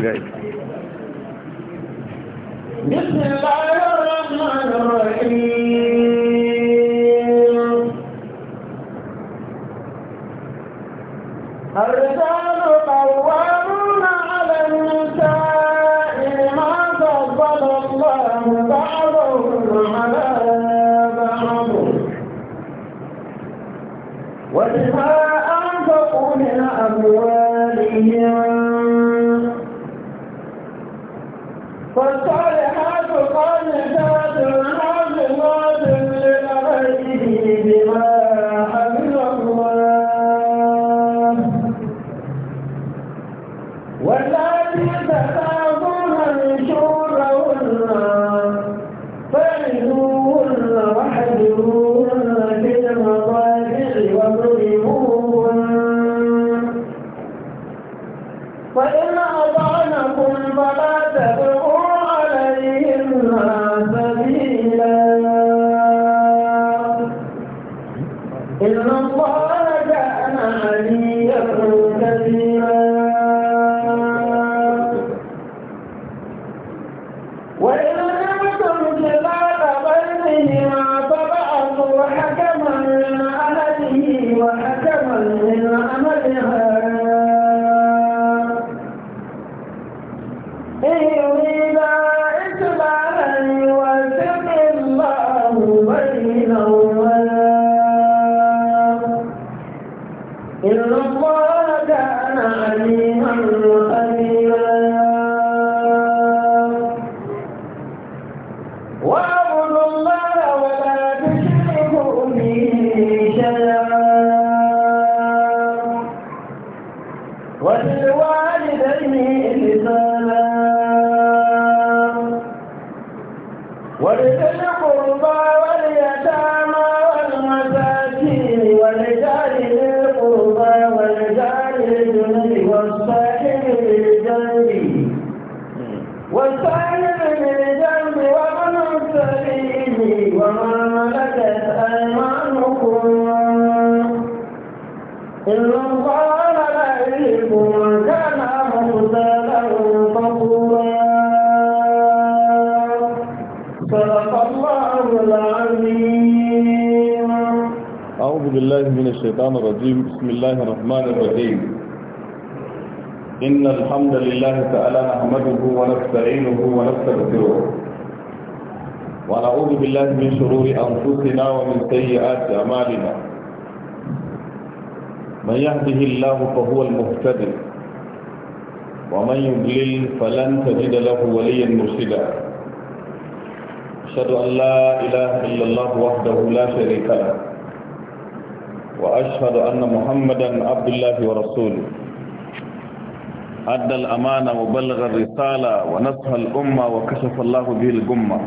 gaya. من شرور أنفسنا ومن سيئات أعمالنا من يهده الله فهو المهتد ومن يضلل فلن تجد له وليا مرشدا أشهد أن لا إله إلا الله وحده لا شريك له وأشهد أن محمدا عبد الله ورسوله أدى الأمانة وبلغ الرسالة ونصح الأمة وكشف الله به الجمة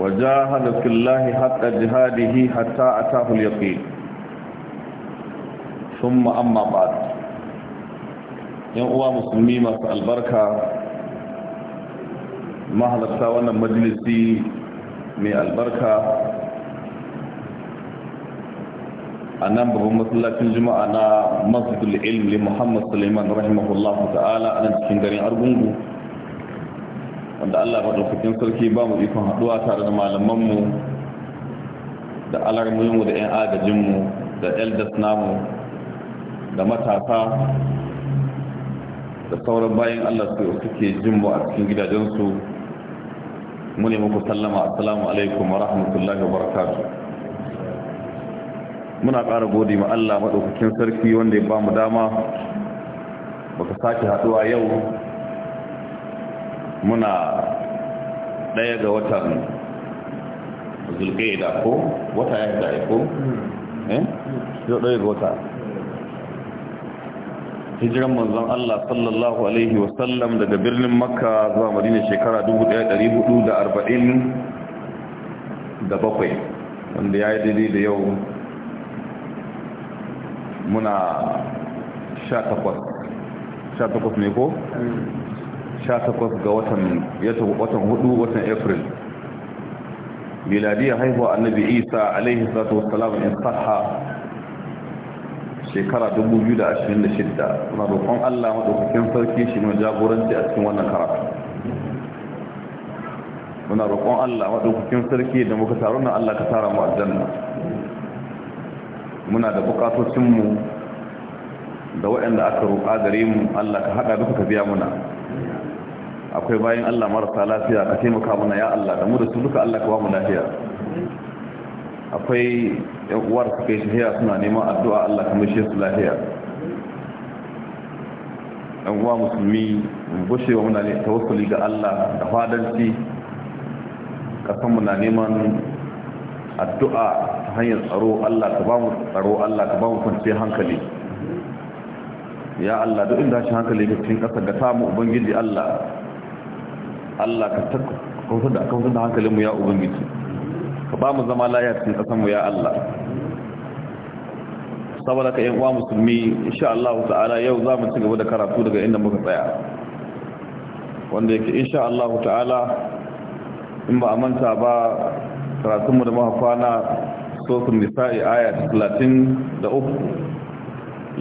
وجاهد في الله حق جهاده حتى أتاه اليقين ثم أما بعد ينقوى مسلمي ما البركة ما هذا ساوانا مجلسي من البركة أنا بهم مثلا الجمعة أنا مسجد العلم لمحمد سليمان رحمه الله تعالى أنا تكين دارين أرغنغو wanda Allah maɗaukakin sarki ba mu ikon haɗuwa tare da malamanmu da alarmunmu da 'yan agajinmu da eldas namu da matasa da sauran bayan Allah su suke jin mu a cikin gidajensu mu ne muku sallama assalamu alaikum wa rahmatullahi wa barakatu muna ƙara gode ma Allah maɗaukakin sarki wanda ya ba mu dama baka sake haɗuwa yau muna daya ga watan zulgaida ko wata ya da ko hmm. eh yau daya ga wata hijiran manzon Allah sallallahu alaihi wa sallam daga birnin makka zuwa madina shekara 1447 wanda ya yi daidai da yau muna 18 18 ne ko? Hmm. 18 ga watan watan hudu watan april miladiyar haihuwa annabi isa alaihi salatu wassalam in sahha shekara 2026 muna roƙon Allah maɗaukakin sarki shi ne jagoranci a cikin wannan karatu muna roƙon Allah maɗaukakin sarki da muka taru na Allah ka tara mu aljanna muna da bukatocinmu da waɗanda aka roƙa gare mu Allah ka haɗa duka ka biya muna akwai bayan Allah marasa lafiya ka taimaka mana ya Allah da mu da su duka Allah ka ba mu lafiya akwai yan uwar suka yi shahiya suna neman addu'a Allah ka mishe su lafiya yan uwa musulmi wa muna ne tawassuli ga Allah da fadanci kasan muna neman addu'a ta hanyar tsaro Allah ka ba mu tsaro Allah ka ba mu kwanciyar hankali ya Allah duk inda shi hankali ga cikin ƙasa, ga samu ubangiji Allah Allah ka kautar da kautar da hankalinmu ya ubangiji ka ba mu zama laya cikin ƙasanmu ya Allah saboda ka yan uwa musulmi insha Allah ta'ala yau za mu ci gaba da karatu daga inda muka tsaya wanda yake insha Allah ta'ala in ba a manta ba karatunmu da muka kwana sokun nisa'i aya 33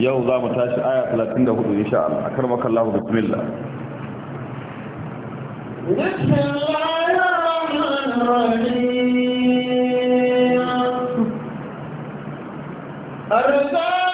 yau za mu tashi aya 34 insha Allah akramaka Allah bismillah Arzaa!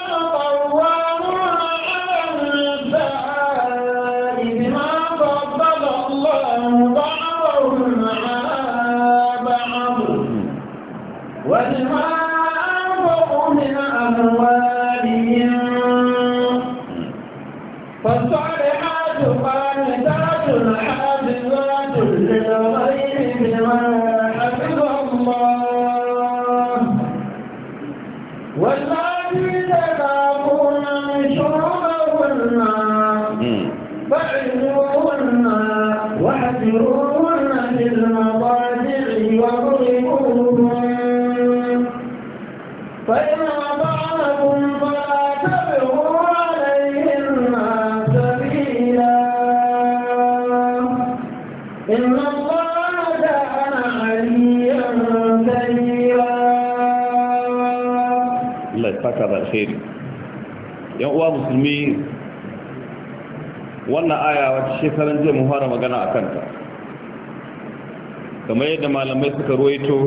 في المضاجع واضربوهم فإن أطعنكم عليهم سبيلا إن الله كان عليا الله يا wannan aya wata shekaran jiya mu fara magana a kanta kamar yadda malamai suka ruwaito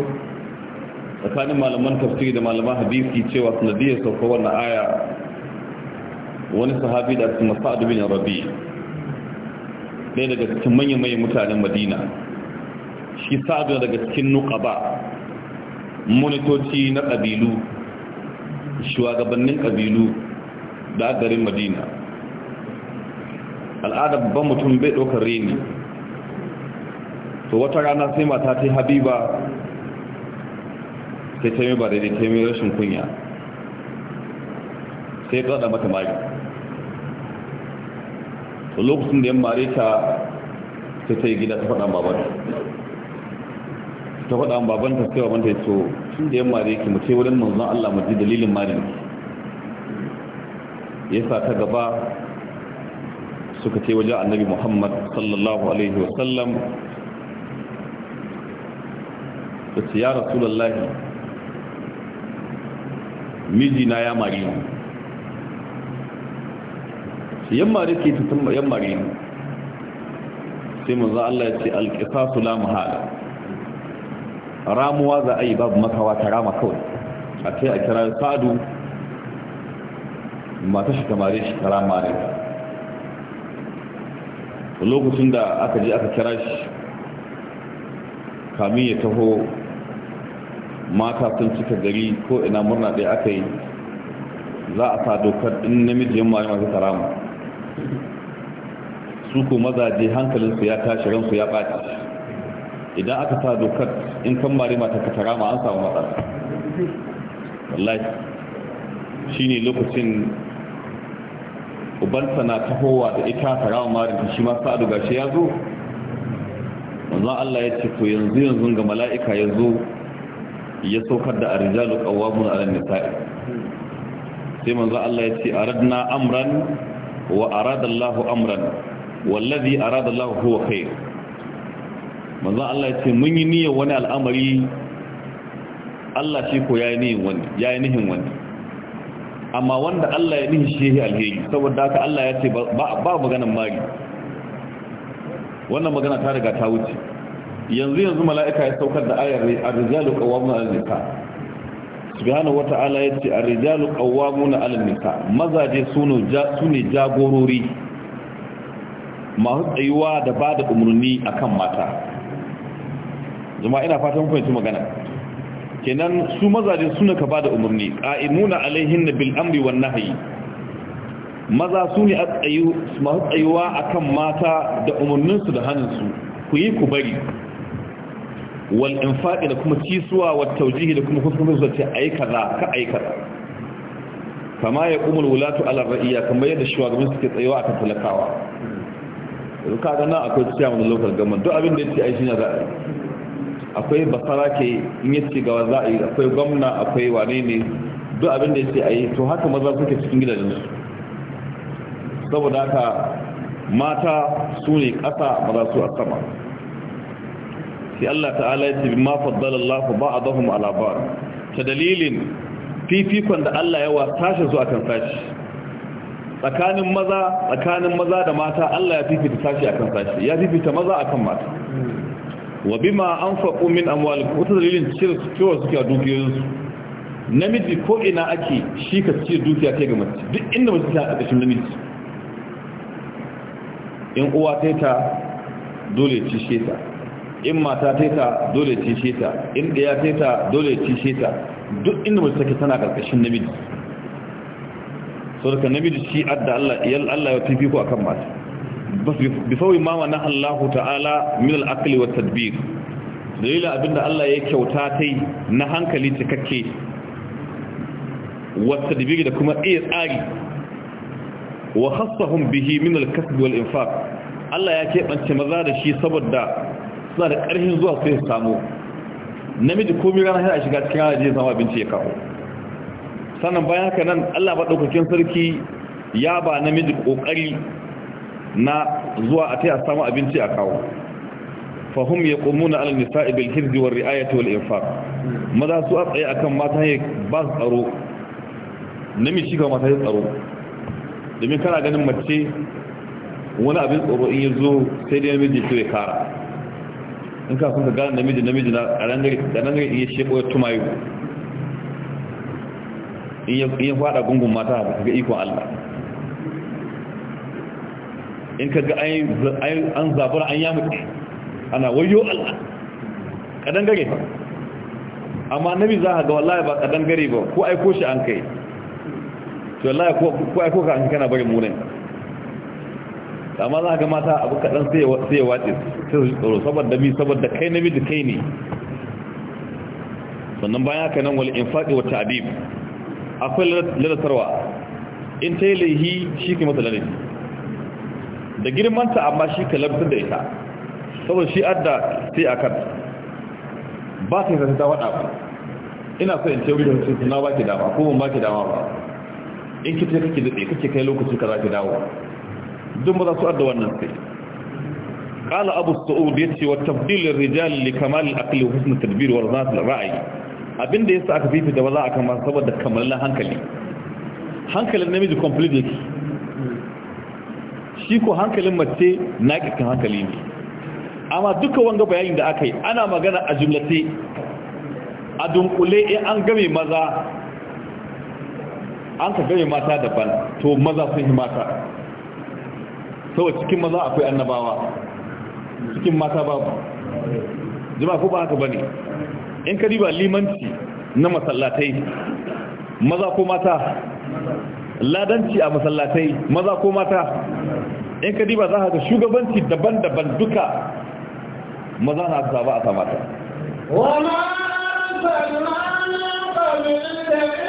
tsakanin malaman tafsiri da malaman hadisi cewa sanadiyar sauka wannan aya wani sahabi da su masa'ad bin rabi ɗaya daga cikin manyan manyan mutanen madina shi sa'ad daga cikin nuqaba monitoci na ƙabilu shugabannin ƙabilu da garin madina al'ada babban mutum bai ɗaukar reni to wata rana sai mata ta habiba sai ta yi ba daidai ta yi rashin kunya sai ta tsada mata mari to lokacin da yan mare ta sai ta yi gida ta faɗa babanta ta faɗa babanta sai babanta ya so tun da yan mare ki mu wurin manzon Allah mu ji dalilin mari ya sa ta gaba suka ce wajen annabi Muhammad sallallahu alaihi wasallam da su ya rasulallahi mijina ya mari ni su yan mari ke tutun yan mari ni sai mu za Allah ya ce alƙisa su lamu hada ramuwa za a yi babu makawa ta rama kawai a kai a kira sa'adu mata shi kamare shi ta rama ne lokacin da aka je aka kira shi kamin ya taho mata sun cika gari ko ina murna ɗaya aka yi za a sa dokar in namiji yamma yana su karama su ko mazaje hankalinsu ya tashi ransu ya ɓaci idan aka sa dokar in kan mare mata ka karama an samu matsala wallahi ne lokacin ubansa na tahowa da ita karama marinta shi ma sa'adu gashi ya zo manzon Allah ya ce to yanzu yanzu ga mala'ika ya zo ya saukar da arijalu qawwamun ala nisa'i sai manzo Allah ya ce aradna amran wa arada Allah amran wallazi arada Allah huwa khair manzo Allah ya ce mun yi niyyar wani al'amari Allah shi ko yayi nihin wani yayi nihin wani amma wanda Allah ya nihin shi alheri saboda haka Allah ya ce ba ba maganan mari wannan magana ta riga ta wuce yanzu yanzu mala'ika ya saukar da ayar ar-rijalu qawwamuna 'ala an-nisa subhanahu wata'ala ce ar-rijalu qawwamuna 'ala an-nisa mazaje sunu ne jagorori masu tsayuwa da bada umurni akan mata jama'a ina fatan kun magana kenan su mazaje suna ka bada umurni qa'imuna Alayhin bil amri wan nahyi maza su ne masu tsayuwa akan mata da umarninsu da hannunsu ku yi ku bari wal infaqi da kuma cisuwa wa tawjihi da kuma kuskuren zuwa ce ayi kaza ka ayi kama ya kumul wulatu ala ra'iya kamar yadda shugabanni suke tsayawa akan talakawa Duk ka ga nan akwai chairman na local government duk abin da yace ai shine za a yi akwai basara ke in yace gawa za a yi akwai gwamna akwai wane ne duk abin da yace ai to haka maza suke cikin gidajen su saboda haka mata su ne kasa maza su a sama sai Allah ta'ala ya ce bi ma faddala Allah ba'dahum ala ba'd ta dalilin fifikon da Allah ya wasashe zuwa akan sashi tsakanin maza tsakanin maza da mata Allah ya fifita sashi akan sashi ya fifita maza akan mata wa bima anfaqu min amwalikum wata dalilin cire cewa suke dukiyoyinsu namiji ko ina ake shi ka cire dukiya kai ga mace duk inda mace ta a ƙarshen namiji in uwa ta dole ci sheta in mata ta ta dole cishe ta in ɗaya ta ta dole cishe ta duk inda mace take tana ƙarƙashin namiji saboda namiji shi adda Allah iyal Allah ya fifiko akan mata bas ma wa Allah ta'ala min al-aqli wa tadbir dalilin abinda Allah ya kyauta tai na hankali cikakke wa tadbir da kuma iya tsari wa khassahum bihi min al-kasb wal infaq Allah ya keɓance maza da shi saboda suna da ƙarfin zuwa sai su samu namiji komi rana yana shiga cikin rana je samu abinci ya kawo sannan bayan haka nan allah ɗaukakin sarki ya ba namiji ƙoƙari na zuwa a taya samu abinci a kawo fahim ya ƙummu na alal nisa ibil hirji wa ri'ayati wal infaq maza su a tsaye akan mata ya ba su tsaro namiji ga mata ya tsaro domin kana ganin mace wani abin tsoro in ya zo sai dai namiji su ya kara in ka kuka ka gane namiji namiji na ƙarangare iya sheko ya tumayu, in ya fada gungun mata da ga ikon Allah in ka ga an zabura an yamuke ana wayo Allah kadan gare amma nabi za a ga wallahi ba gare ba ko aiko shi an kai to wallahi ko aiko ka an kana bari munin amma za ga mata abu kaɗan sai ya wace sai su tsoro saboda mi saboda kai namiji kai ne sannan bayan haka nan wal infaqi wa ta'dib akwai tarwa. in ta yi laihi shi ke mata ladabi da girmanta amma shi ka labtar da ita saboda shi adda sai a kan ba ta yi zata ta waɗa ina so in ce wuri da su na ba ki dama ko ba ki dama ba in ki ce kake daɗe kake kai lokaci ka za ki dawo dun ba za su adda wannan sai Kala Abu-Suhu ya ce قال أبو السعود يتي وتفضيل الرجال لكمال الأقل وحسن التدبير ورزانة ra'ayi. abin da yasa aka da ba za a kama saboda na hankali hankalin namiji complete yake shi ko hankalin mace na kitan hankali ne amma duka wanga bayanin da aka yi ana magana a jumlace a dunkule in an game maza an ka game mata daban to maza sun yi mata sau cikin maza akwai annabawa cikin mata babu jima ko ba haka bane in ka riba limanci na masallatai maza ko mata ladanci a masallatai maza ko mata in ka riba za ka shugabanci daban-daban duka maza na ta ba a samata. Wama sannan na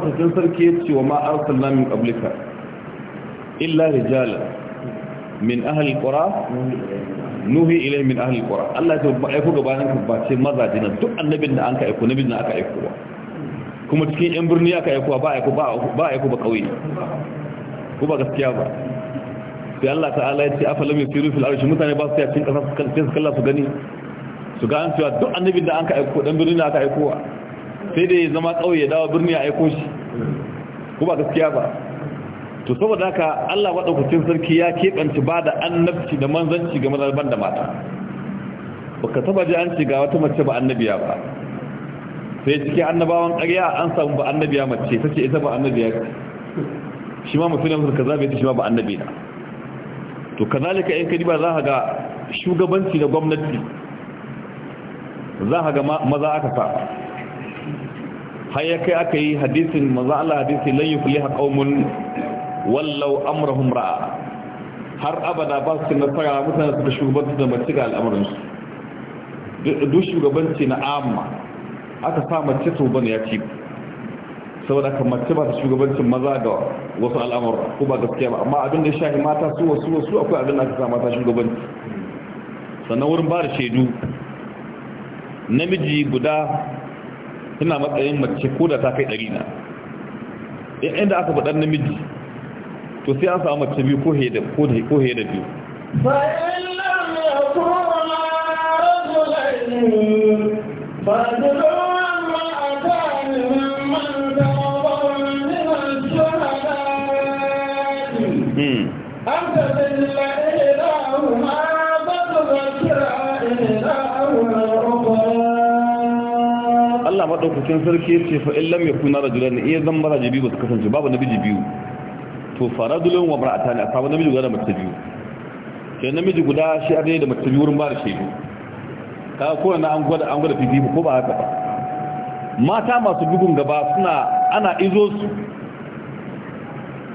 madaukakin sarki ya ce wa ma arsalna min qablika illa rijala min ahli alqura nuhi ilai min ahli alqura Allah ya ba aiko gabanin ka ba ce mazaji nan duk annabin da an ka aiku nabin da aka aiku ba kuma cikin yan birni aka aiku ba aiku ba ba aiko ba kauye ko ba gaskiya ba sai Allah ta'ala ya ce afalam yusiru fil arshi mutane ba su cin kasa su kalla su gani su ga an cewa duk annabin da an ka aiku dan birni da aka aiko sai dai zama kauye ya dawo birni a aiko shi ko ba gaskiya ba to saboda haka Allah madaukakin sarki ya kebanci ba da annabci da manzanci ga mazalban da mata baka taba ji an ce ga wata mace ba annabiya ba sai cikin annabawan ƙarya an samu ba annabiya mace ta ce ita ba annabiya shi ma mutum ka kaza ta shi ma ba annabi na to kazalika in kadi ba za ka ga shugabanci da gwamnati za ka ga maza aka sa har ya kai aka yi hadisin maza Allah hadisi lan yufliha qaumun wallau amurahun ra'a har abada ba su nasara mutane suka shugabanci da mace ga al'amuransu duk shugabanci na amma aka sa mace to bane ya ci saboda kan mace ba ta shugabancin maza ga wasu al'amura ko ba gaskiya ba amma abin da ya shahi mata su wasu wasu akwai abin da aka sa mata shugabanci sannan wurin ba da shaidu namiji guda ina matsayin mace ko da ta kai ɗari na inda aka faɗar namiji to sai an samu mace biyu ko he da ko da ko he da biyu فإن madaukakin sarki ya ce fa'in lam ya kuna rajulan iya zan mara biyu ba su kasance babu namiji biyu to faradulun wa mara'ata ne a samu namiji guda da mace biyu ke namiji guda shi a da mace biyu wurin ba da shaidu ta kowane na an gwada an gwada fifi ko ba haka ba mata masu bugun gaba suna ana izo su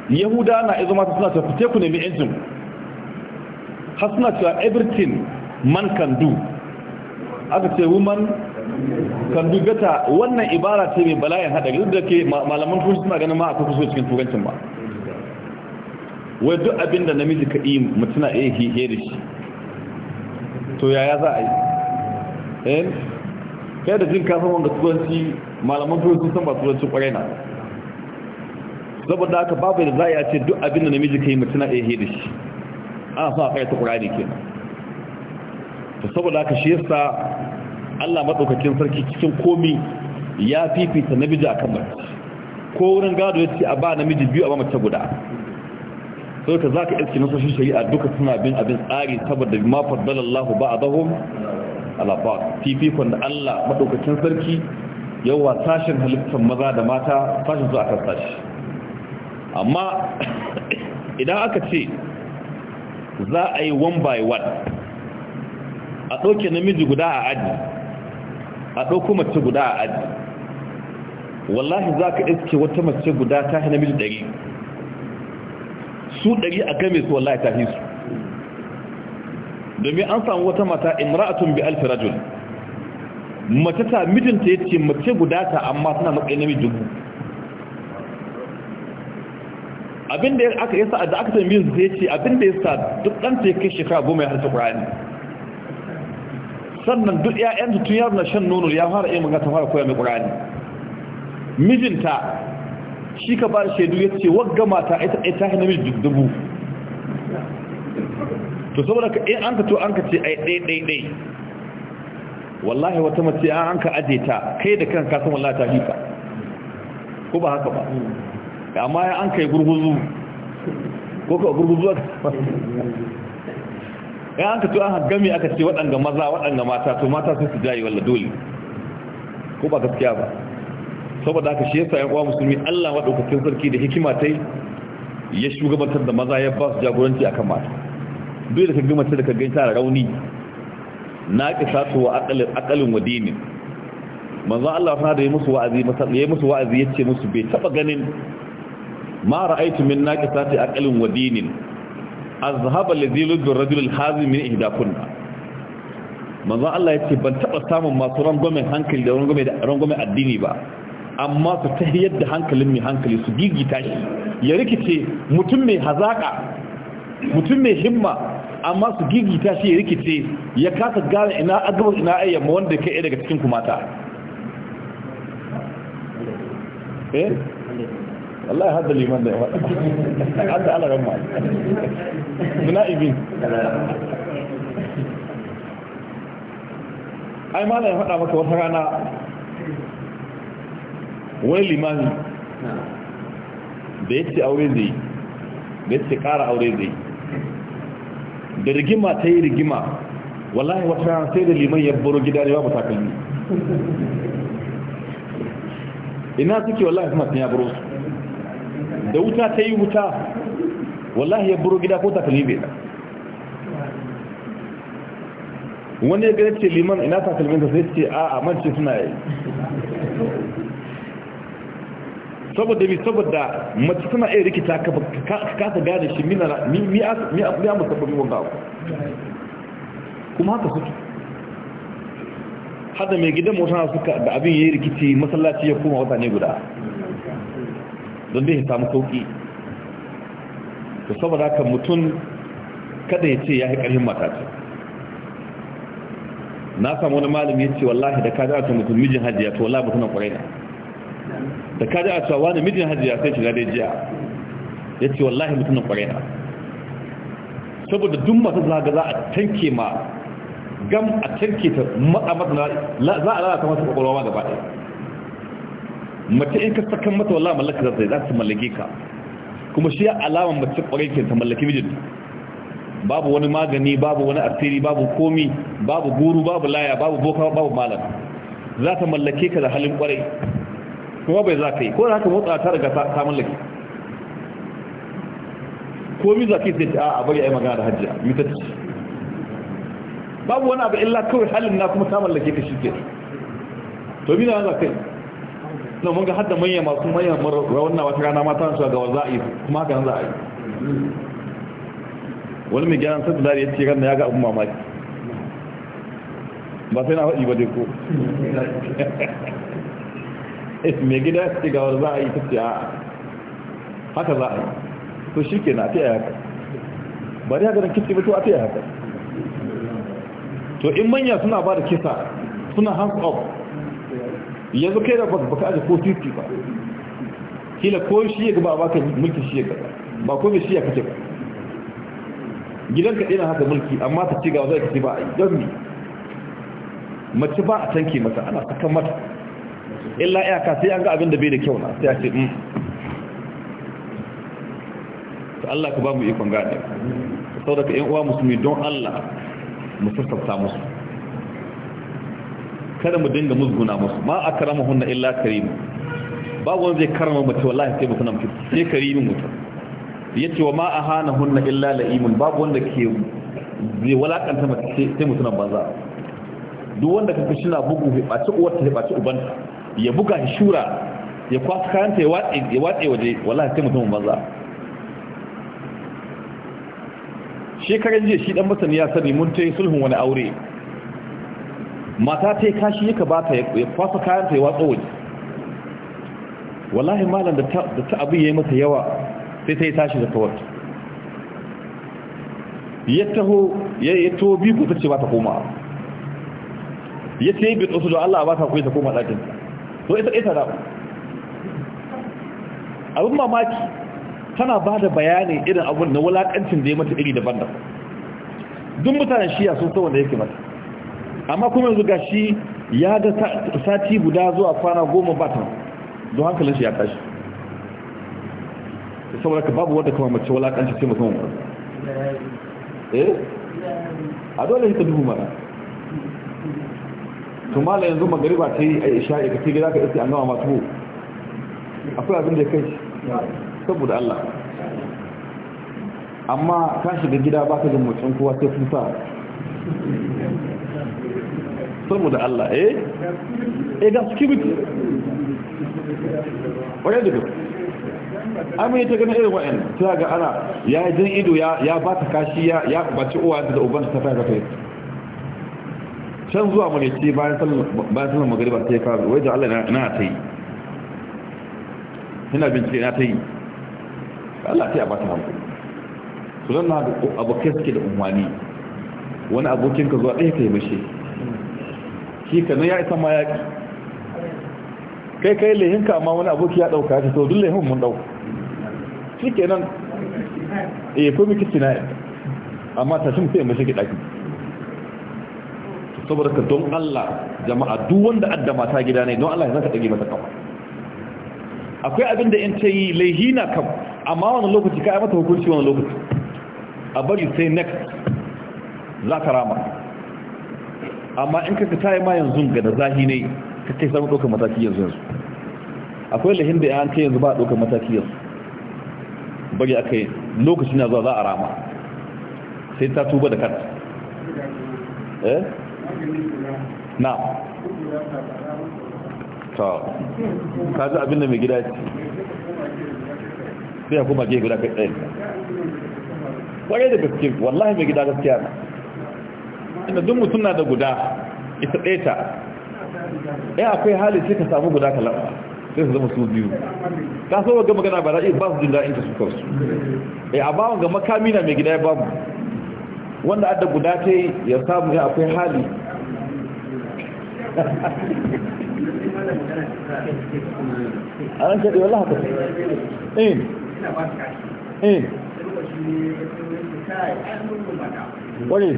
yahuda na izo mata suna ta fite ku nemi yancin har suna cewa everything man can do aka ce woman kan dugata wannan ibara ce mai bala'in haɗari, duk da ke malaman turanci suna ganin ma akwai kusa cikin turancin ba wai duk abin da namiji ka yi mutuna iya hihe da shi to yaya za a yi eh kai da jin kafin wanda turanci malaman turanci sun ba turanci kwarai na saboda haka babu da za a ce duk abin da namiji ka yi mutuna iya hihe da shi ana sa a kai ta kwarai ne kenan to saboda haka shi yasa Allah madaukakin sarki cikin komi ya fifita namiji a kan mace ko wurin gado ya ce a ba namiji biyu a ba mace guda sau ka za ka iske nasoshin shari'a duka suna bin abin tsari saboda ma faddalallahu ba a zahon alabar fifikon da Allah maɗaukacin sarki yawa sashen halittar maza da mata sashen su a akan sashi amma idan aka ce za a yi one by one a ɗauke namiji guda a aji a ɗauko mace guda a aji wallahi za ka iske wata mace guda ta hana mil ɗari su ɗari a game su wallahi ta hisu domin an samu wata mata imra'atun bi alfi rajul mace ta mijinta ya ce mace guda ta amma tana matsayi namiji mijin abinda aka yasa da aka tambayin su ya ce abinda ya sa duk ɗanta ya kai shekara goma ya harfi ƙurani sannan duk 'ya'yanta tun yaro na shan nono ya fara iya magana ta fara koya mai qur'ani mijinta shi ka ba da shaidu ya ce wagga mata ita ita hana miji dubu to saboda ka in an ka to an ka ce ai ɗai-ɗai-ɗai, wallahi wata mace an an ka aje ta kai da kan san wallahi ta hika ko ba haka ba amma ya an yi gurguzu ko ka gurguzu ya an ka tu an gami aka ce waɗanga maza waɗanga mata to mata sun su jayi wala dole ko ba gaskiya ba saboda haka shi yasa ya uwa musulmi Allah madaukakin sarki da hikima tai ya shugabantar da maza ya ba su jagoranci akan mata Dole da kaga mace da kaga ta rauni naqisa to aqalin aqalin wadini manzo Allah fa da yi musu wa'azi ya musu wa'azi yace musu bai taba ganin ma ra'aytu min naqisati aqalin wadinin azhaba lazilul rajul hazim min ihdakunna manzo Allah yace ban taba samun masu rangwamen hankali da rangwame da rangwame addini ba amma su tahiyar da hankalin mai hankali su gigita shi ya rikice mutum mai hazaka mutum mai himma amma su gigita shi ya rikice ya kasa gane ina agabar ina ayyama wanda kai daga cikin kumata eh wallahi hada liman da ya wada hada alaran ma muna'ibin ai ma ya faɗa maka wata rana wani limani da ya ce aure zai da ya ce ƙara aure zai da rigima ta yi rigima wallahi wata rana sai da liman ya baro gida ne ba matakalmi ina suke wallahi suna sun ya baro su da wuta ta yi wuta wallahi ya buro gida ko takalibi da wani ya gane ce liman ina takalmin da sai ce a amince suna yi saboda bi saboda mace suna iya rikita ka kasa gane shi mi a musabbabin wanda kuma haka suke hada mai gidan motana suka da abin ya yi rikici masallaci ya koma wata ne guda don dai ya samu sauki to saboda haka mutum kada ya ce ya yi ƙarfin matata na samu wani malami ya ce wallahi da ka ji a cewa mutum mijin hajiya to wallahi mutum na ƙwarai na da ka ji a cewa wani mijin hajiya sai shiga dai jiya ya ce wallahi mutum na ƙwarai na saboda duk masu zaga za a tanke ma gam a tanke ta matsa matsa za a lalata masu ƙwaƙwalwa gaba ɗaya mace in ka sakan mata wallahi mallaka zai za su mallake ka kuma shi ya alama mace kwarai ke ta mallaki mijinta babu wani magani babu wani asiri babu komi babu guru babu laya babu boka babu malam za ta mallake ka da halin kwarai kuma bai za ka yi ko da haka motsa ta daga ta mallake komi za ka yi sai a bari a yi magana da hajji mitacci babu wani abu illa kawai halin na kuma ta mallake ka shi ke to mina za ka yi don mun ga hadda manya masu manya rawanna wata rana mata su ga wazai kuma ga nan za a yi wani mai gyaran sassa zari ya ce ranar ya ga abin mamaki ba sai na faɗi ba dai ko eh, mai gida ya ce ga wani za a yi ta ce haka za a yi to shi ke na ta yi haka ba dai haka da kici ba to a ta yi haka to in manya suna ba da kisa suna hands up yanzu kai da baka aje ko titi ba kila ko shi ya gaba baka mulki shi ya gaba ba ko shi ya kace ba gidanka ina haka mulki amma ta ci zai kace ba don ni mace ba a tanke mata ana saka mata illa ka sai an ga abin da bai da kyau na sai a ce mm to Allah ka ba mu ikon gane saboda ka ƴan uwa musulmi don Allah mu sassafta musu kada mu dinga musguna musu ma akramahunna illa karim ba wanda zai karama mace wallahi sai mutum sai karimin mutum yace wa ma ahanahunna illa laimun babu wanda ke zai walakanta mace sai mutum banza duk wanda kake shi na bugu ya uwar uwarta ya baci ubanta ya buga shura ya kwasa kanta ya watse ya watse waje wallahi sai mutum banza shekaran jiya shi dan masani ya sani mun tayi sulhun wani aure mata ta yi kashi yaka ba ta ya kwasa kayan ta yi watsa waje wallahi malam da ta abin ya yi mata yawa sai ta yi tashi da kawar ya taho ya taho biyu ku ta ce ba ta koma ya ce bi tsosu da Allah ba ta kuwa ta koma ɗakin so ita ita da abin mamaki tana ba da bayanin irin abin na wulaƙancin da ya mata iri daban-daban duk mutanen shiya sun sa da yake mata amma kuma yanzu gashi ya ga sati guda zuwa kwana goma ba ta don hankalin shi ya tashi saboda ka babu wadda kama mace shi sai mutum wani eh a dole shi ta duhu mara tuma da yanzu magariba ta yi a isha ya kafi gida ka isi an gama matu akwai abin da ya kai saboda Allah amma ka shiga gida ba ka jin mutum kowa sai sa. da Allah eh eh ga security wani da gaske amina ta gani irin wa'in ta ga ana ya yi jin ido ya ba ta kashi ya baci uwa da uban ta fara kafa yi can zuwa ce bayan sallar magariba ta yi kawai wai da Allah na ta yi yana bincike na ta yi Allah ta yi a ba ta hankali su zan na abokai suke da umarni wani abokinka zuwa ɗaya ka yi mashi shi nan ya isa ma yaƙi kai kai lehinka amma wani aboki ya ɗauka shi to dole lehin mun ɗauka shi ke nan e eh, komi kici na amma tashin sai mashi ki ɗaki saboda ka don Allah jama'a duk wanda adda mata gida ne don Allah ya zaka dage mata kafa akwai abin da in ta yi na kam amma wani lokaci ka mata hukunci wani lokaci a bari sai next za ka rama amma in ka yi ma yanzu ga da zahi ne ka kai samun ɗaukar mataki yanzu yanzu akwai lahin da ya kai yanzu ba ɗaukar mataki yanzu bari aka yi lokaci na zuwa za a rama sai ta tuba da kanta eh na ta kaji abinda mai gida ce sai ya kuma ke gida kai tsaye kwarai da gaske wallahi mai gida gaskiya na inda duk mutum na da guda ita ɗaya ta ɗaya akwai hali sai ka samu guda ka lamba sai su zama su biyu ta so ga magana ba ra'i ba su jin daɗin ta su kansu ya eh, a bawan ga makami na mai gida ya babu wanda adda guda ta yi ya samu ya akwai hali a ran kaɗe wallah haka in in wani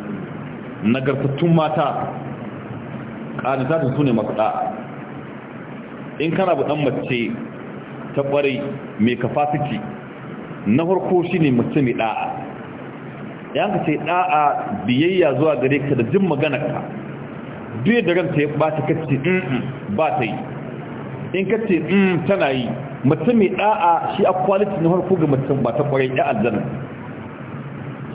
nagartattun mata ƙanitatun su ne masu ɗa'a in kana buɗan mace ta ƙwarai mai kafasiki na farko shi ne mace mai ɗa'a Ya ka ce ɗa'a biyayya zuwa gare ka da jin maganarka duk da ranta ya ɓata kacce in ba ta yi in kacce ɗin mm, tana yi mace mai ɗa'a shi a kwalitin na farko ga mace ba ta ƙwarai ya aljanna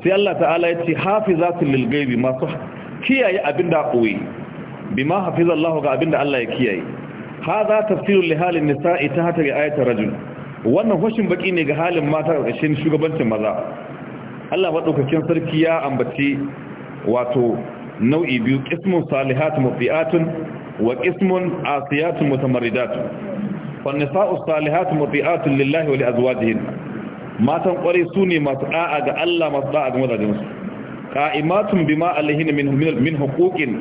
sai Allah ta'ala ya ce hafizatul lilghaibi ma su kiyaye abinda koyi bima hafizallahu ga abinda Allah ya kiyaye hadha tafsirul li halin nisa'i ta hata ayatu rajul wannan hoshin baki ne ga halin mata ƙarshen shugabancin maza Allah madaukakin sarki ya ambaci wato nau'i biyu qismun salihatun mufiatun wa qismun asiyatun mutamarridatun wan nisa'u salihatun mufiatun lillahi wa li azwajihinna matan kwarai su ne masu da'a ga Allah masu da'a ga mazajensu qa'imatun bima alaihin min min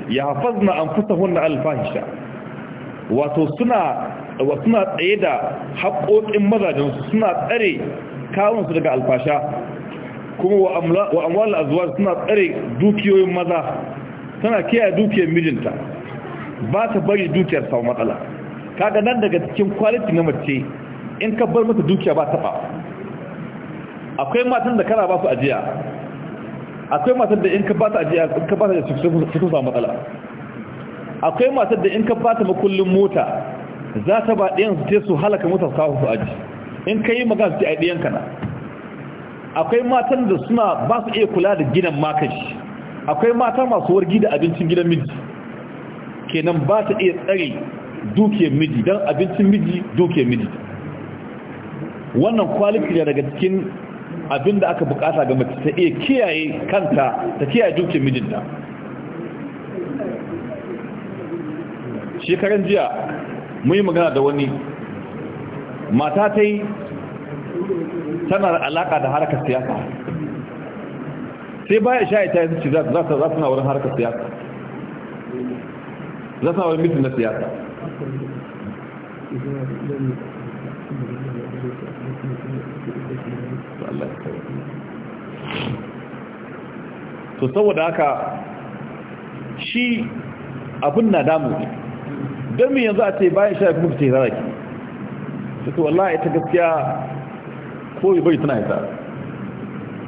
ya hafaz na an fusa hunna alfahisha Wato suna tsaye da haƙoƙin mazajensu suna tsare kawunsu daga alfasha kuma wa amwal azuwa suna tsare dukiyoyin maza tana kiyaye dukiyar mijinta ba ta bari dukiyar samu matsala kaga nan daga cikin kwaliti na mace in ka bar mata dukiya ba ta ba akwai matan da kana ba su ajiya akwai matan da in ka ba ta ajiya in ka ba ta su kusa matsala akwai matan da in ka ba ta makullin mota za ta ba ɗayan su ce su halaka mota su kawo su aji in ka yi magana su ce a ɗayan kana akwai matan da suna ba su iya kula da gidan makashi akwai mata masu wargi da abincin gidan miji kenan ba ta iya tsare dukiyar miji don abincin miji dukiyar miji wannan kwalifiya daga cikin abinda aka bukata ga mace ta iya kiyaye kanta ta kiyaye dukkan mijinta shekaran jiya mun yi magana da wani mata ta yi tana da alaka da harkar siyasa sai baya sha ita yanzu ce za su za na wurin harkar siyasa za su na wurin mitin na siyasa to saboda haka shi abin na damu ne don mu yanzu a ce bayan sha kuma ce zaraki su to Allah ya ta gaskiya ko yi bai tana yasa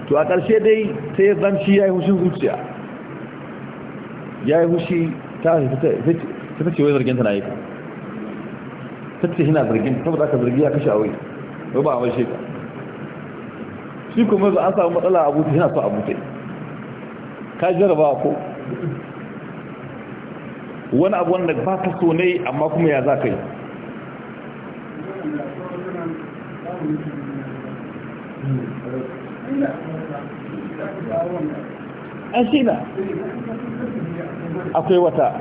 to a ƙarshe dai ta yi zanci ya yi hushin zuciya ya yi hushi ta ta ce wai zargin tana yi ka ta ce hina zargin saboda aka zargi ya kashe a wai ba ba a mai sheka shi kuma za a samu matsala a abu hina so a ta yi ka jaraba ko wani abu wanda ba ka so ne amma kuma ya za ka yi an shi na akwai wata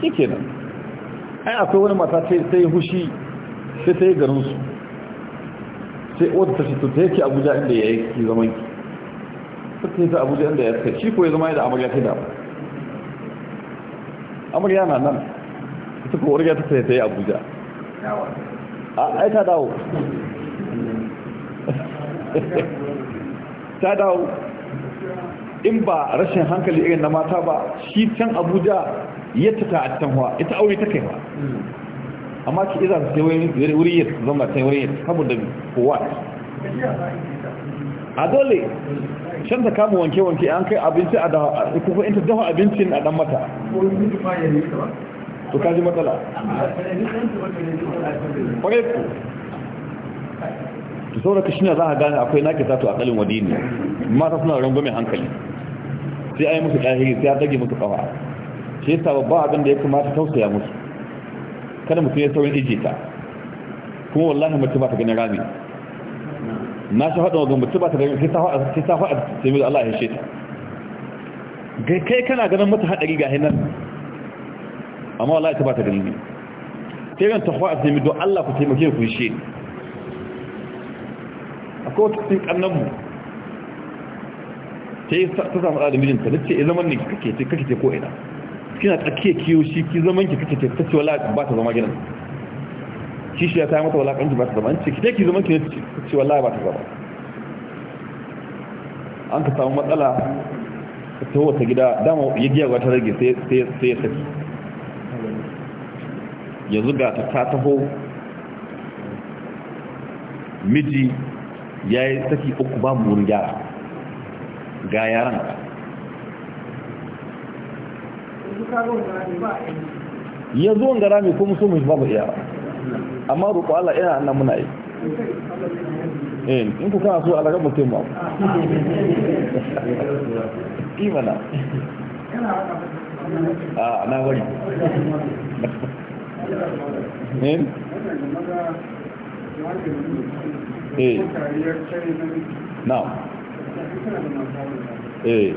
shi ke nan ai akwai wani mata sai hushi sai ta yi garinsu sai wata ta shi ta yake abuja inda ya yi zamanki suka yi ta abuja inda ya suka shi ya zama yadda amarya ta damu amarya na nan ita ko warga ta sai ta yi abuja a ai ta dawo ta dawo in ba rashin hankali irin na mata ba shi can abuja ya ta a can wa ita aure ta kai ba amma ki iza ta sai wuri yi zama ta wurin kamun saboda kowa a dole shan ta kama wanke-wanke an kai abinci a da kuma in ta dafa abincin a dan mata to kaji matsala kwarai ku to saboda ka shine za a gane akwai nake zato a kalin ne mata suna rangumin hankali sai a yi musu ɗahiri sai a dage musu ƙawa shi yasa babba abin da ya kamata tausaya musu kada mutum ya saurin ijita kuma wallahi mace ba ta gani rami na shi faɗin wajen mutu ba ta gani sai ta faɗa sai mai Allah ya shi ta kai kana ganin mata haɗari ga hinan amma Allah ta ba ta gani sai ran ta faɗa sai don Allah ku taimake ku shi ko wata cikin ƙannan mu sai ta samu da mijin ta ce eh, zaman ne kake ce kake ce ko ina kina tsakiyar kiyo shi ki zaman ki kake ce ta ce wala ba ta zama gidan kishi ya ta mata walakanci ba ta zama ce ki ki zama ki ce wallahi ba ta zama an ka samu matsala ta wata gida dama ya giya wata rage sai ya saki yanzu zuga ta ta taho miji ya yi saki uku ba mu gyara ga yaran yanzu wangara mai kuma su ba babu yara amma roƙo Allah ina annan muna yi eh, in ku kana so Allah ga mutum ba imana a na wani in eh, eh. now eh.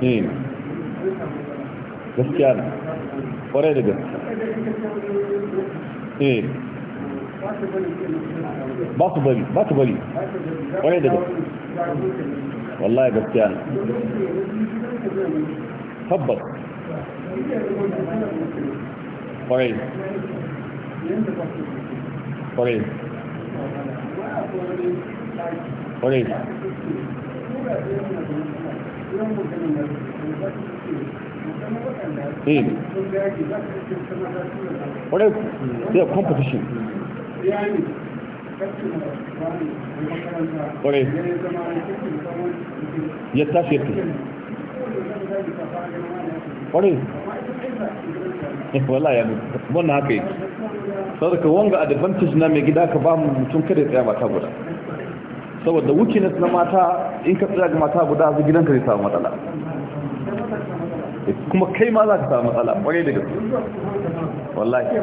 eh gaskiya ne kwarai da gaske eh ba su bari ba su bari kwarai da gaske wallahi gaskiya ne tabbas kwarai kwarai kwarai eh ƙwarai sai competition ƙwarai ya tashi ya tafi ƙwarai wala ya wannan haka yi saboda wanga advantage na mai gida ka ba mu mutum kada ya tsaya mata guda saboda wukinas na mata in ka tsaya ga mata guda su gidanka zai samu matsala kuma kai ma za ka samu matsala ƙwarai da gaske wallahi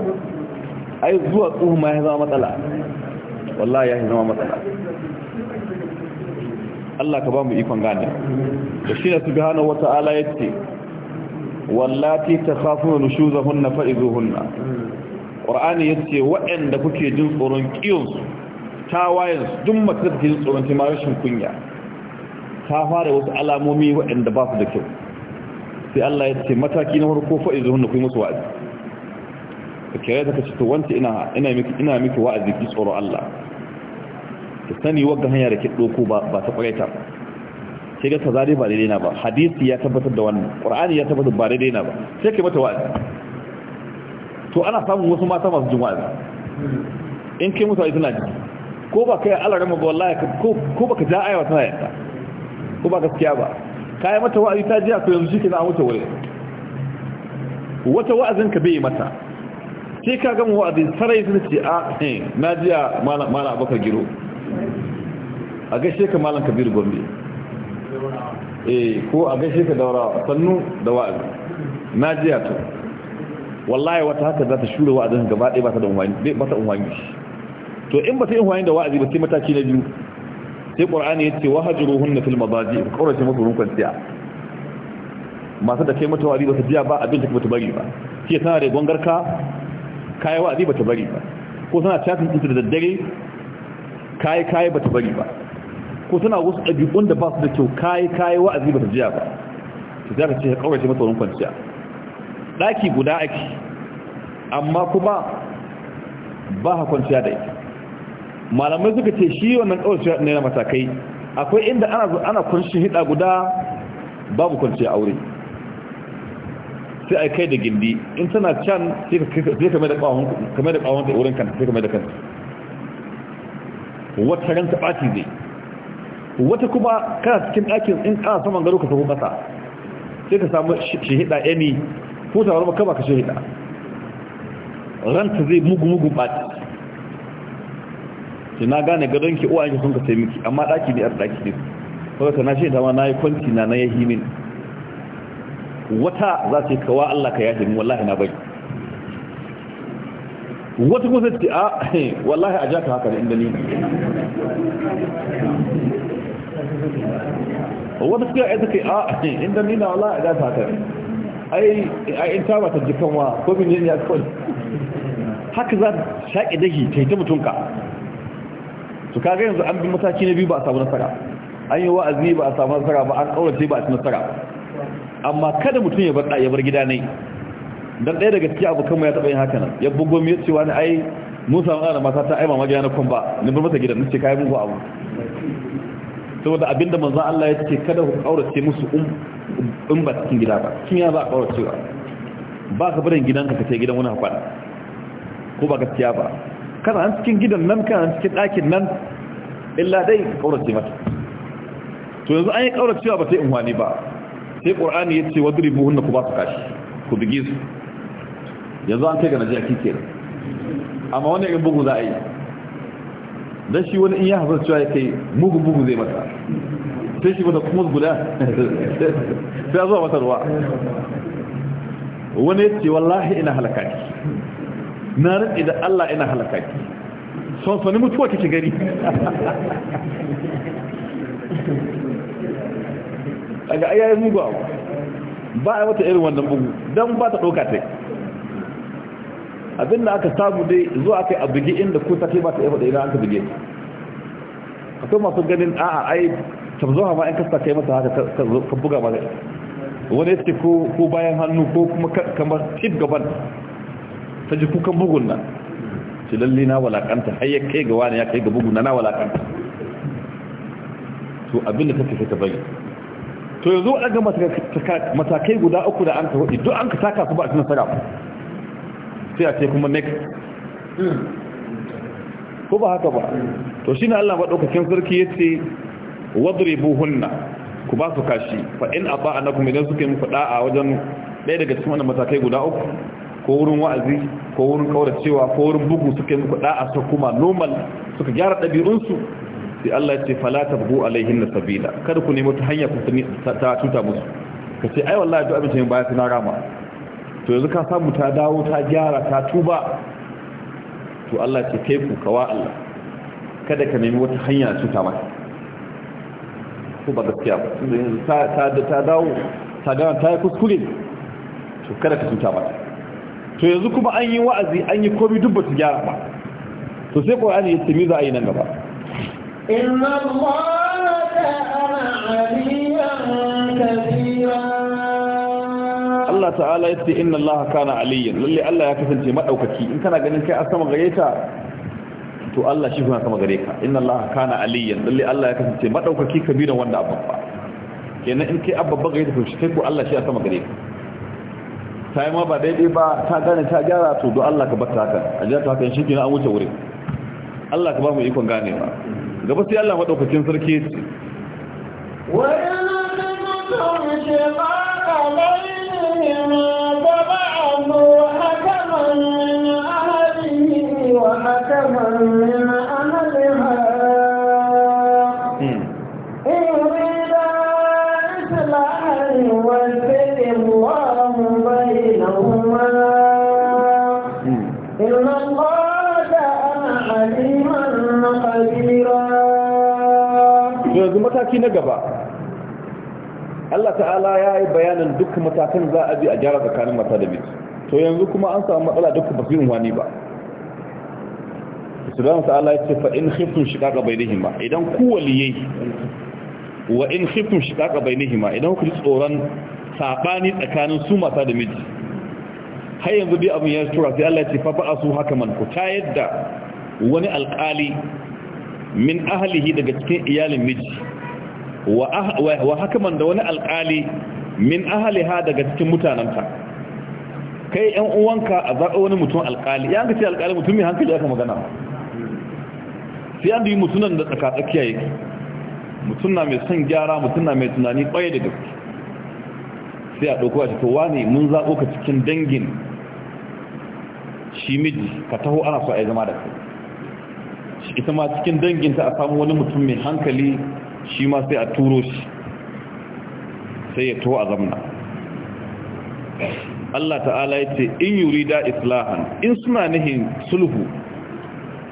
ai zuwa tsohu ma ya zama matsala wallahi ya zama matsala Allah ka ba mu ikon gane da shi da subhanahu wata'ala yace wallati takhafuna hunna fa'izuhunna ya ce waɗanda kuke jin tsoron ta wayan su duk matar jin tsoron timarashin kunya ta fara wasu alamomi waɗanda ba su da kyau sai Allah ya ce mataki na farko fa izu hunna ku musu wa'azi ka kira ta kace to wanti ina ina miki ina miki wa'azi ki tsoro Allah ki sani wagga hanya da ki doko ba ba ta kwaraita sai ga tazari ba daidai na ba hadisi ya tabbatar da wannan qur'ani ya tabbatar ba daidai na ba sai ki mata wa'azi to ana samun wasu mata masu jin wa'azi in kai musu wa'azi na ji ko ba kai Allah rama ba wallahi ko ko baka ja aya yadda ko ba gaskiya ba kayan mata wa'azi ta jiya to yanzu shi a wuce wurin wata wa'azin ka bai mata sai ka gama wa'azi sarai sun ce ah, eh, a na jiya mana abokan giro a gaishe ka malam kabiru gombe eh ko a gaishe ka daura sannu da wa'azi na jiya to wallahi wata haka za ta shura wa'azin gaba ɗaya ba ta da unwani to in ba ta yi unwani da wa'azi ba sai mataki na biyu sai qur'ani yace wahjuruhunna fil madaji kaurace musu wurin kwanciya masu da kai mata wa'azi ba ta jiya ba abin da ta bari ba shi tana da gongarka kai wa'azi ba ta bari ba ko tana chatin ɗinta da daddare kai kai ba ta bari ba ko tana wasu ɗabi'un da ba su da kyau kai kai wa'azi ba ta jiya ba shi za ka ce ka kaurace mata wurin kwanciya ɗaki guda ake amma kuma ba ka kwanciya da ita malamai suka ce shi wannan kawai ne na matakai akwai inda ana ana kunshi hida guda babu kunshi aure sai ai kai da gindi in tana can sai ka sai ka mai da kawon mai da kawon da wurin kan sai ka mai da kan wata ran ta bati zai wata kuma kana cikin ɗakin in kana saman garo ka tafi kasa sai ka samu shi hida eni ko ta warba kama ka shi ran ranta zai mugu mugu bati ki na gane gadon ki uwa ki sun ka sai miki amma daki ne a daki ne kuma kana shi dama nayi kwanci na na yahi min wata za ta kawa Allah ka yahi min wallahi na bari wata kuma sai a wallahi a jaka haka da inda ni wata kuma ai take a inda ni na wallahi a jaka haka ai ai in ta ba ta jikan wa ko bin ne ya kawai haka za ta shaƙi dahi ta yi ta mutunka to kaga yanzu an bi mataki na biyu ba a samu nasara an yi wa'azi ba a samu nasara ba an kaurace ba a ci nasara amma kada mutum ya bar ya bar gida ne dan ɗaya daga cikin abokan mu ya taɓa yin haka nan ya bugo mu cewa ni ai mun samu ana mata ta ai mama gida na kun ba ni bar mata gidan nace kai mun go abu saboda abinda manzo Allah ya ce kada ku kaurace musu um in um, ba cikin gida ba kin ya ba kaurace ba ka barin gidanka ka ce gidan wani hafa ko ba gaskiya ba kana an cikin gidan nan kana an cikin ɗakin nan illa dai ka ƙaurace mata to yanzu an yi ƙauracewa ba sai in wani ba sai ƙur'ani ya ce wadda hunna ku ba su kashi ku bigi su yanzu an kai ga najiya kike amma wani irin bugu za a yi dan shi wani in ya hasar cewa ya kai mugun bugu zai mata sai shi mata kuma guda sai a zuwa mata ruwa wani ya ce wallahi ina halaka ne na rantsi da Allah ina halaka ki son sani mutuwa kike gari daga ayayin mugu abu ba a wata irin wannan bugu don ba ta ɗauka ta abin aka samu dai zuwa kai a bugi inda ku ta ke ba ta yi faɗa idan aka bugi kuma masu ganin a'a ai tabzoha ma in kasta kai masa haka ka buga ba zai wani ya ce ko bayan hannu ko kuma kamar cip gaban ta ji kukan bugun nan ci lalle na walakanta har kai ga wani ya kai ga bugun na walakanta to abinda ta fi ta bari to yanzu a ga matakai guda uku da an ka waɗi duk an ka taka su ba a cikin nasara sai a ce kuma next ko ba haka ba to shi na Allah maɗaukakin sarki ya ce wadribu hunna ku ba su kashi fa in a ba'a na kuma idan suke mu muku a wajen ɗaya daga cikin wannan matakai guda uku ko wurin wa'azi ko wurin kauracewa ko wurin bugu suka yi muku da'a su kuma normal suka gyara ɗabi'unsu sai Allah ya ce fala tabgu alaihin na sabila kada ku nemi ta hanya ku ta tuta musu ka ce ai wallahi duk abin baya suna rama to yanzu ka samu ta dawo ta gyara ta tuba to Allah ya ce kai ku kawa Allah kada ka nemi wata hanya tuta mata ko ba gaskiya ba tunda yanzu ta dawo ta gana ta yi kuskure to kada ka tuta mata to yanzu kuma an yi wa'azi an yi komi duk ba gyara ba to sai ƙwararri ya tumi za a yi nan gaba Allah ta'ala ya ce inna Allah kana aliyyan lalle Allah ya kasance madaukaki in kana ganin kai a sama gare ta to Allah shi kuma sama gare ka inna Allah kana aliyyan lalle Allah ya kasance madaukaki kabiran wanda abba kenan in kai abba gare ta to shi kai ko Allah shi a sama gare ka ta yi ma ba daidai ba ta gane ta gyara to don Allah ka bata haka a jiya ta hakan shi an wuce wurin Allah ka ba mu ikon gane ba gaba sai Allah maɗaukacin sarki ya ce wa'in da mataki na gaba Allah ta'ala ya yi bayanin duk matakan za a bi a gyara tsakanin mata da miji to yanzu kuma an samu matsala duk ba su wani ba subhanahu ta'ala ya ce fa in khiftum shiqaqa bainahuma idan ku waliyai wa in khiftum shiqaqa bainahuma idan ku ji tsoron sabani tsakanin su mata da miji har yanzu dai abun ya tura sai Allah ya ce fa haka man ku ta yadda wani alƙali min ahlihi daga cikin iyalin miji Ah, wa hakaman da wani alƙali min ahaliha daga cikin mutananta kai yan uwanka a zaɓa wani mutum alƙali ya ce alƙali mutum mai hankali aka magana sai an yi mutunan da tsaka tsakiya mutum na mai son gyara mutum na mai tunani ɓaya da gaske sai a ɗauko a cikin wani mun zaɓo ka cikin dangin shi miji ka taho ana so a yi zama da kai ita ma cikin danginta a samu wani mutum mai hankali shi ma sai a turo shi sai ya to a zamna Allah ta'ala ya ce in yurida islahan in suna nihin sulhu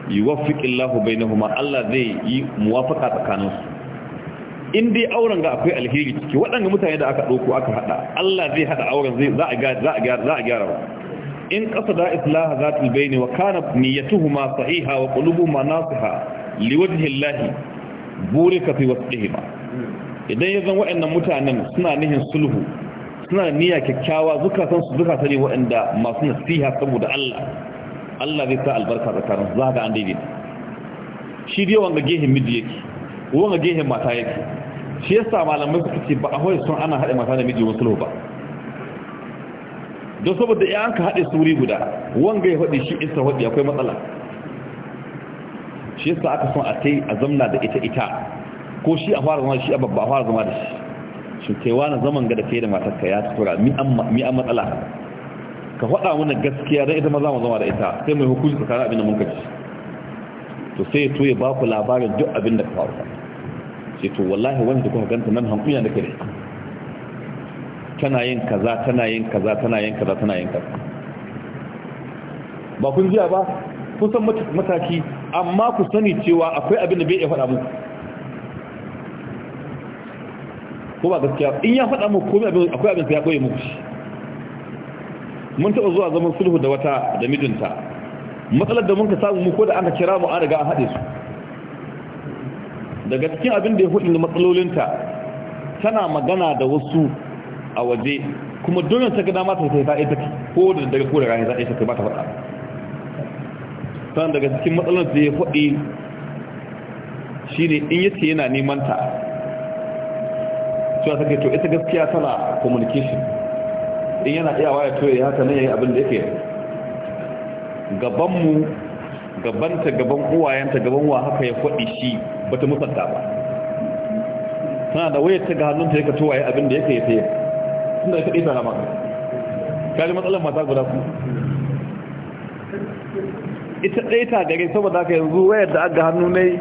yuwaffiqillahu bainahuma Allah zai yi muwafaqa tsakaninsu in dai auren ga akwai alheri ciki waɗanda mutane da aka ɗauko aka haɗa Allah zai haɗa auren zai za a gyara za a gyara ba in ƙasa da islaha za ta bayani wa kana niyyatuhuma sahiha wa nasu ha, liwajhi Allah burika fi wasdihima idan ya zan waɗannan mutanen suna nihin sulhu suna niyya kyakkyawa zukatan su zukata ne waɗanda masu nasiha saboda Allah Allah zai sa albarka tsakanin su za ga an daidai shi dai wanga gehen miji yake wanga gehen mata yake shi yasa malamai suka ce ba a hoye sun ana haɗe mata da miji wasu ba don saboda ya an ka haɗe su wuri guda wanga ya faɗi shi isa faɗi akwai matsala shi yasa aka son a tai a zamna da ita ita ko shi a fara zama shi a babba a fara zama da shi shi kaiwa na zaman ga da kai da matarka ya tura mi an matsala ka faɗa mana gaskiya don ita maza mu zama da ita sai mai hukunci tsakanin abin da mun to sai to ya baku labarin duk abin da ka faru sai to wallahi wanda kuka ganta nan hankuya da kai tana yin kaza tana yin kaza tana yin kaza tana yin kaza ba kun jiya ba Kun san mataki amma ku sani cewa akwai abin da bai iya faɗa muku ko ba gaskiya in ya faɗa muku komai abin akwai abin da ya koye muku mun taɓa zuwa zaman sulhu da wata da mijinta matsalar da mun ka samu ko da an ka kira mu an riga an haɗe su daga cikin abin da ya hudu matsalolinta tana magana da wasu a waje kuma dole ta gada mata ta ta ita ko da daga ko da rani za a yi ta ba ta faɗa Tan daga cikin matsalar da ya faɗi ne in yace yana neman ta cewa take to ita gaskiya tana communication in yana iyawa ya toye haka nan yayi abin da yake gaban gabanta gaban uwayenta gaban wa haka ya faɗi shi bata musanta ba tana da waya ta ga hannunta ka to waye abin da yake yake tunda ita ita na maka kaji matsalar mata guda kuma ita ɗaya ta gare saboda haka yanzu wayar da aga hannu ne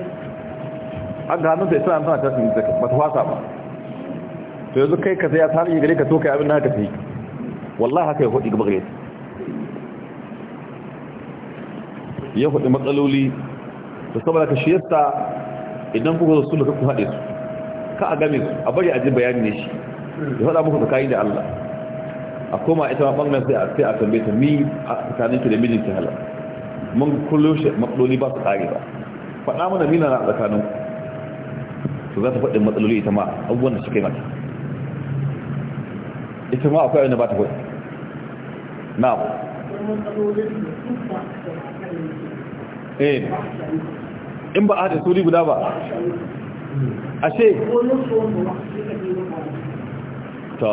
aga hannun ta islam tana tafi zaka ba ta fasa ba to yanzu kai ka sai a tarihi gare ka to kai abin da haka sai wallahi haka ya hudu gaba gare ya hudu matsaloli to saboda ka shiyasta idan kuka zo sulhu ku haɗe su ka a game su a bari a ji bayani ne shi ya faɗa muku tsakani da Allah a koma ita ma ɓangaren sai a tambaye ta mi a tsakaninki da mijinki halar mun kullum shi matsaloli ba su kare ba faɗa mana mina na tsakanin su za ta faɗi matsaloli ita ma abubuwan da suke mata ita ma akwai wani ba ta faɗi na abu eh. in ba a da suri guda ba ashe ta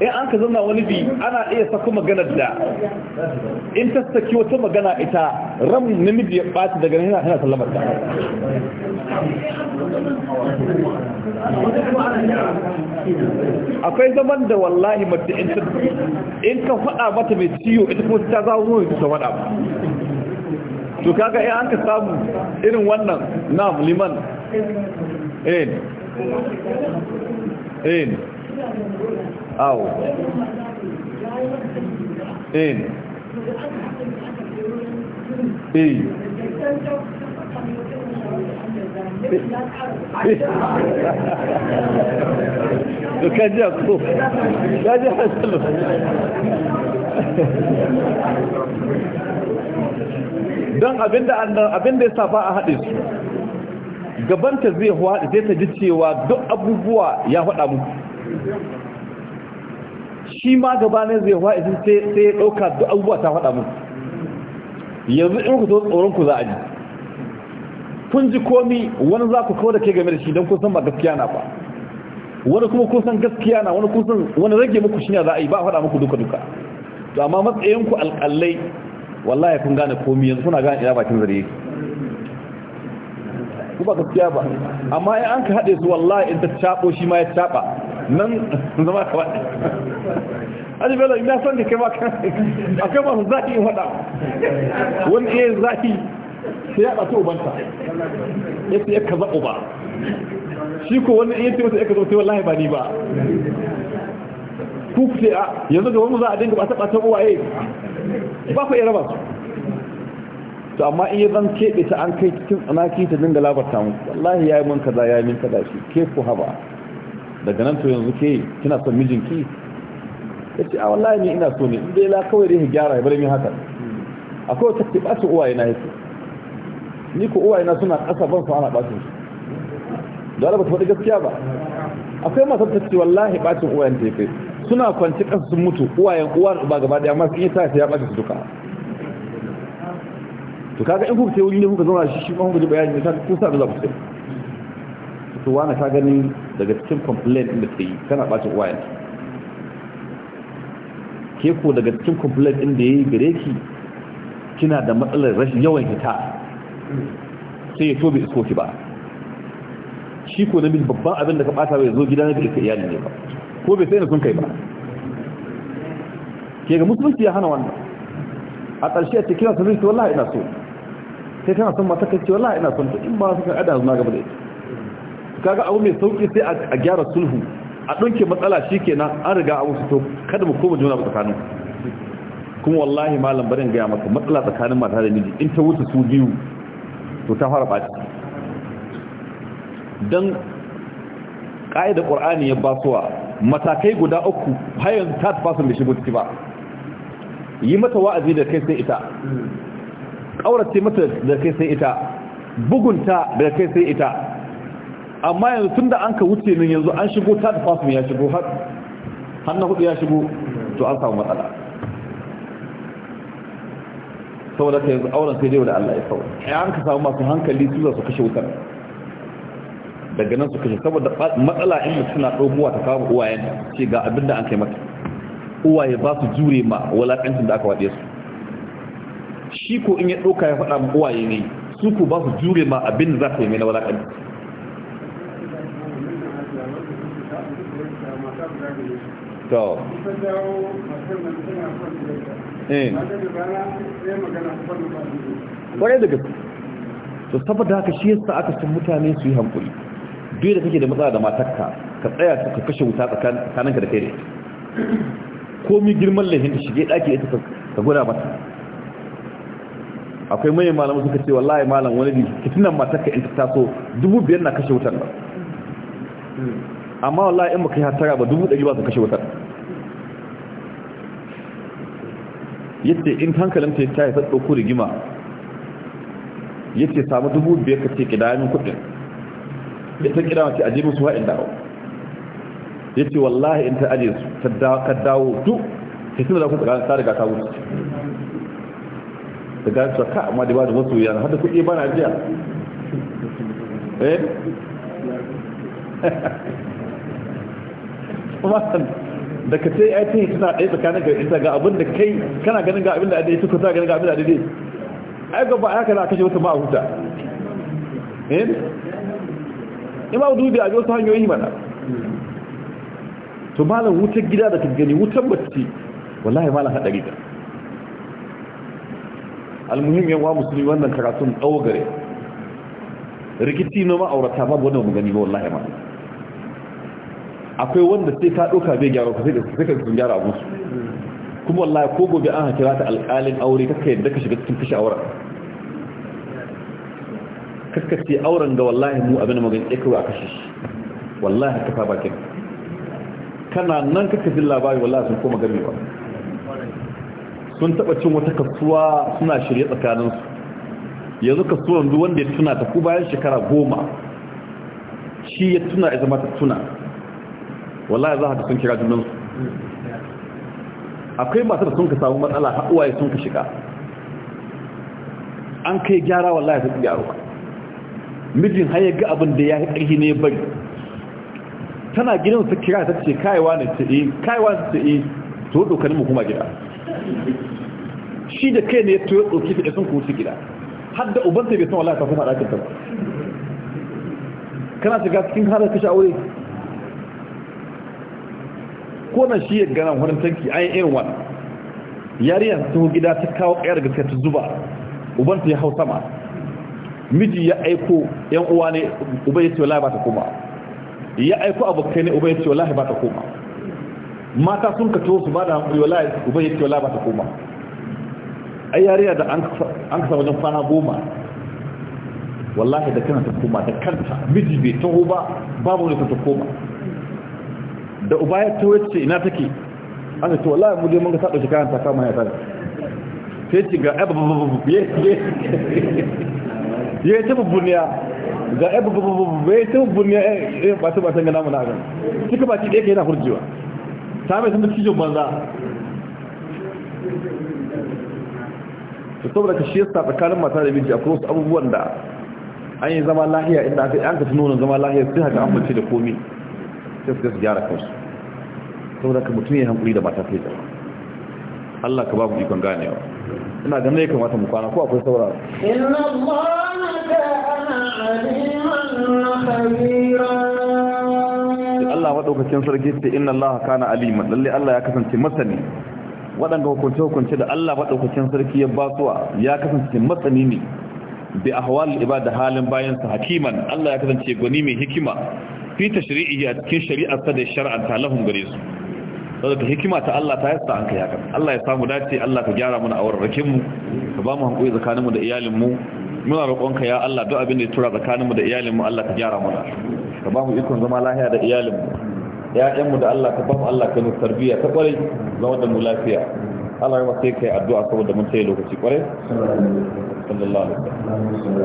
in an ka zama wani bi ana iya sako magana da in ta saki wata magana ita ram namiji ya ɓata daga nan yana sallamar ta akwai zaman da wallahi mace in ka faɗa mata mai ciyo ita kuma ta za mu ta faɗa to kaga in an ka samu irin wannan na liman in eh. in eh. awo in eh كان don abinda da ya safa a haɗe su gabanta zai haɗe zai ta ji cewa duk abubuwa ya faɗa muku shi ma gabanin zai fa'idin sai ya ɗauka duk abubuwa ta faɗa mun yanzu in ku zo tsoron ku za a ji kun ji komi wani za ku kawo da ke game da shi don kun san ba gaskiya na ba wani kuma kun san gaskiya na wani kun san wani rage muku shi ne za a yi ba a faɗa muku duka duka to amma matsayin ku alƙalai wallahi kun gane komi yanzu kuna gane ina bakin zare ku ba gaskiya ba amma in an ka haɗe su wallahi in ta caɓo shi ma ya caɓa nan zama ka waɗa aji bello ina son da kai ba kan akwai masu zaki in waɗa wani iya zafi sai ya ɗauki ubanta ya ce ya kaza uba shi ko wani iya ce masa ya kaza sai wallahi ba ni ba ku ku a yanzu ga wani za a dinga ba ta ɓatan uwaye ba ku iya raba su to amma iya zan keɓe ta an kai cikin tsanaki ta dinga labarta mu wallahi ya yi min kaza ya yi min kaza shi ke ku haba daga nan to yanzu ke kina son mijinki ya ce a wallahi ne ina so ne inda la kawai dai gyara ya bari min haka akwai wata ce ɓacin uwaye na yake ni ko uwaye na suna ƙasa ban su ana ɓacin su da ba ta faɗi gaskiya ba akwai masu ta ce wallahi ɓacin uwayen ta yake suna kwanci kasa sun mutu uwayen uwar ba gaba da amma sun yi ta ya ɓace su duka to kaga in kuka ce wuri ne kuka zama shi shi ma kuka ji bayani ne kusa da zafi ce to wani ka gani daga cikin complaint din da ta yi kana bacin wayanta ke ko daga cikin complaint din da ya yi gare ki kina da matsalar rashin yawan hita sai ya tobe isko ki ba shi ko namiji babban abin da ka bata bai zo gida na da ka iyali ne ba ko bai sai na sun kai ba ke ga musulunci ya hana wannan a ƙarshe a cikin wasu rikki ce ina so sai tana son mata kai ce ina son ta in ba su kan adana zuma gaba da ita kaga abu mai sauki sai a gyara sulhu a ɗauke matsala shi kenan an riga a su to kada mu koma juna tsakanin kuma wallahi malam barin gaya maka matsala tsakanin mata da miji in ta wuce su biyu to ta fara ɓaci don ƙa'idar ƙwar'ani ya basuwa matakai guda uku har yanzu ta fasin da shigo ciki ba yi mata wa'azi da kai sai ita ƙaurace mata da kai sai ita bugunta da kai sai ita amma yanzu tun da an ka wuce nan yanzu an shigo ta da fasu ya shigo har hannun hudu ya shigo to an samu matsala saboda ka yanzu auren sai dai da Allah ya kawo ya an ka samu masu hankali su za su kashe wutar daga nan su kashe saboda matsala in mutum suna ɗaukowa ta kawo uwayen ce ga abin da an kai mata uwaye ba su jure ma walaƙancin da aka waɗe su shi ko in ya ɗauka ya faɗa ma uwaye ne su ko ba su jure ma abin da za ka yi mai na walaƙancin to eh. kwarai da gaske to saboda haka shi yasa aka san mutane su yi hankuli duk da kake da matsala da matarka ka tsaya ka kashe wuta tsakaninka da kai ne komi girman lahin da shige daki ita ka gwada mata akwai mai malamu suka ce wallahi malam wani ne kitinan matarka in ta taso dubu biyar na kashe wutar ba hmm. amma wallahi in baka kai hatara ba dubu ɗari ba su kashe wutar. yadda in hankalinta ya tafi ɗauko rigima yadda samu dubu biyar ka ce ƙidayen kudin da ta ƙida mace aje musu wa'in dawo ya ce wallahi in ta aje su ta dawo duk ta suna da ku tsakanin ta riga ta wuce da gani su ka amma da ba da wasu yana hada kuɗi ba na jiya eh da ka ce ai tayi suna ɗaya tsakanin ka ita ga abin da kai kana ganin ga abin da adai suka ta ganin ga abin da adai ai gaba haka za ka kashe wata ma huta in eh? ima dubi a wasu hanyoyi mana to malam wutar gida da gani wutar bacci wallahi malam hadari ta almuhim yan wa musulmi wannan karatun tsawo gare rikici noma aurata babu wanda mu gani ba wallahi malam akwai wanda sai ka ɗauka bai gyara ka sai ka sun gyara abu kuma wallahi ko gobe an hakira ta alƙalin aure kaka yadda ka shiga cikin kashe auren kakka ce auren ga wallahi mu abin magan ya kawai a kashe shi wallahi ka fa bakin kana nan kaka jin labari wallahi sun koma gami ba sun taɓa cin wata kasuwa suna shirye tsakaninsu yanzu kasuwan duk wanda ya tuna ta ku bayan shekara goma shi ya tuna ya zama ta tuna wallahi za ka sun kira su. akwai masu da sun ka samu matsala haɗuwaye sun ka shiga an kai gyara wallahi sun gyaro mijin har ya ga abin da ya yi ƙarfi ne bari tana gidan su kira ta ce kayawa ne ta yi eh, kayawa ta yi eh, to dokanin mu kuma gida shi da kai ne ya toye ɗauki ta sun kuci gida har da ubanta bai san wallahi ta kuma ɗakin kanta kana shiga cikin harar kashe aure ko na shi ya gana wani tanki an yi irin wani yariya ta taho gida ta kawo ƙayar gaske ta zuba ubanta ya hau sama miji ya aiko yan uwa ne uba ya ce wala ba ta koma ya aiko abokai ne uba ya ce wala ba ta koma mata sun ka to su ba da hankali wala uba ya ce wala ba ta koma A yariya da an kasa wajen kwana goma wallahi da kanta ta koma da kanta miji bai taho ba babu ne ta koma da uba ya tawo ce ina take an ce wallahi mu je mun ga ta dauki kayan ta kama ya tsare sai ci ga ya ce ta bubbuniya ga ya ta bubbuniya eh, eh ba ta ba san ga namu na ga kika ki ɗaya kai yana hurjewa ta mai san da cijin banza to saboda ka shi yasa tsakanin mata da miji akwai wasu abubuwan da an yi zama lahiya inda aka yi an ka tuno zama lahiya sai haka an mace da komi sai su gyara kansu saboda ka mutum ya hankuri da mata sai Allah ka babu ikon ganewa ina ganin ya kamata mu kwana ko akwai saura inna allaha kana aliman khabira Allah madaukakin sarki ce inna allaha kana aliman lalle Allah ya kasance masani wadanda hukunce-hukunce da Allah maɗaukacin sarki ya Suwa ya kasance masani ne bi ahwal ibada halin bayan sa hakiman Allah ya kasance gwani mai hikima fi tashri'i a cikin shari'ar sa da ta lahum gare su saboda hikima ta Allah ta yasta an kai haka Allah ya samu dace Allah ka gyara mana aurarrakin mu ka ba mu hankuri tsakanin mu da iyalin mu muna roƙon ka ya Allah duk abin da ya tura tsakanin mu da iyalin mu Allah ka gyara mana ka ba mu ikon zama lafiya da iyalin mu ƴaƴan mu da Allah ka ba mu Allah kai mu tarbiyya ta kwarai zama da mu lafiya Allah ya wasa kai addu'a saboda mun sai lokaci kwarai sallallahu alaihi wasallam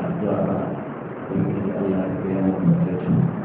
da addu'a ba wanda Allah ya kai mu